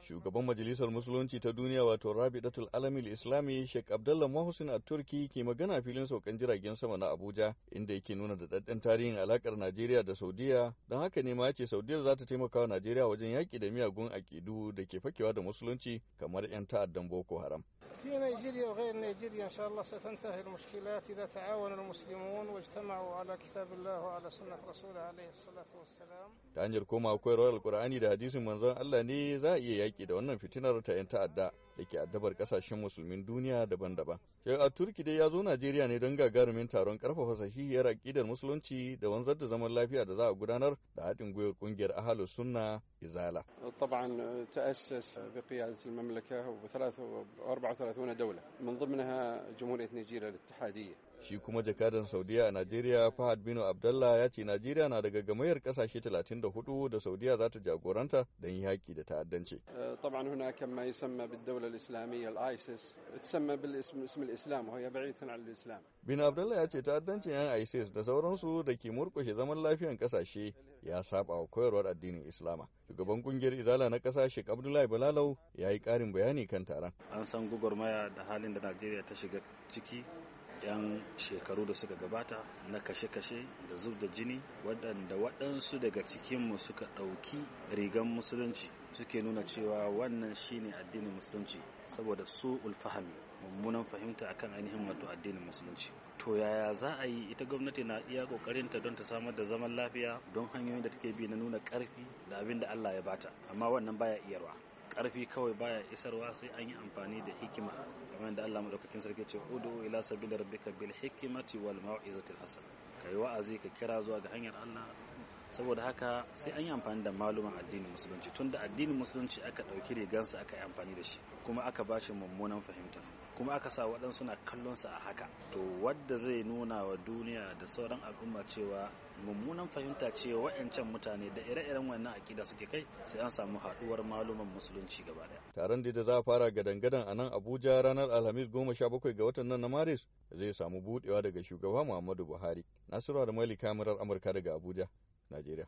Shugaban Majalisar Musulunci ta Duniya wato Datul Alamil Islami Sheikh Abdullah Mahusin a Turki ke magana filin saukan jiragen sama na Abuja inda yake nuna da daddan tarihin alakar Najeriya da Saudiya don haka ne ma ya ce Saudiya za ta taimaka wa Najeriya wajen yaƙi da miyagun aƙidu da ke fakewa da Musulunci kamar 'yan ta'addan Boko Haram. في نيجيريا وغير نيجيريا إن شاء الله ستنتهي المشكلات إذا تعاون المسلمون واجتمعوا على كتاب الله وعلى سنة رسوله عليه الصلاة والسلام ta hanyar komawa القرآن alkur'ani da hadisin manzon Allah ne za a iya yaƙi da wannan fitinar da ke addabar kasashen musulmin duniya daban-daban. a Turki dai ya zo Najeriya ne don gagarumin taron karfafa sahihiyar aƙidar musulunci da wanzar da zaman lafiya da za a gudanar da haɗin gwiwar kungiyar Ahalu Sunna Izala. طبعا تأسس na daula و 34 دولة من ضمنها Shi kuma jakadan Saudiya a Najeriya Fahad Bino Abdallah ya ce Najeriya na daga gamayar kasashe 34 da Saudiya za ta jagoranta don yi yaƙi da ta'addanci. طبعا هناك Bin Abdullah ya ce ta'addancin 'yan ISIS da sauransu da ke murƙushe zaman lafiyan kasashe ya saba wa koyarwar addinin Islama. Shugaban kungiyar Izala na kasa Sheikh Abdullahi Balalau ya yi ƙarin bayani kan taron. An san gugurmaya da halin da Najeriya ta shiga ciki 'yan shekaru da suka gabata na kashe-kashe da zub da jini waɗanda waɗansu daga cikinmu suka ɗauki rigan musulunci suke nuna cewa wannan shine addinin musulunci saboda su ulfahami mummunan fahimta akan ainihin wato addinin musulunci to yaya za a yi ita gwamnati na iya ta don ta samar da zaman lafiya don hanyoyin da take bi na nuna karfi da abin da Allah ya bata amma wannan baya iyarwa karfi kawai baya isarwa sai an yi amfani da hikima kamar da Allah madaukakin sarki ce udu ila sabila rabbika bil hikmati wal mau'izati hasana kai wa'azi ka kira zuwa ga hanyar Allah saboda haka sai an yi amfani da maluman addinin musulunci tunda addinin musulunci aka dauki rigansa aka yi amfani da shi kuma aka bashi mummunan fahimta kuma aka sa waɗansu na kallonsa a haka to wadda zai nuna wa duniya da sauran al'umma cewa mummunan fahimta ce wayancan mutane da ire-iren wannan akida suke kai sai an samu haɗuwar maluman musulunci gaba daya taron da za a fara gadan-gadan a nan abuja ranar alhamis goma sha bakwai ga watan nan na maris zai samu buɗewa daga shugaba muhammadu buhari nasiru da mali kamarar amurka daga abuja najeriya